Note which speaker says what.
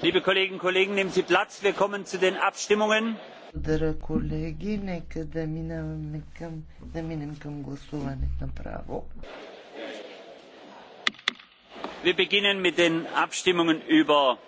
Speaker 1: Liebe Kolleginnen und Kollegen, nehmen Sie Platz. Wir kommen zu den Abstimmungen. Wir beginnen mit den Abstimmungen über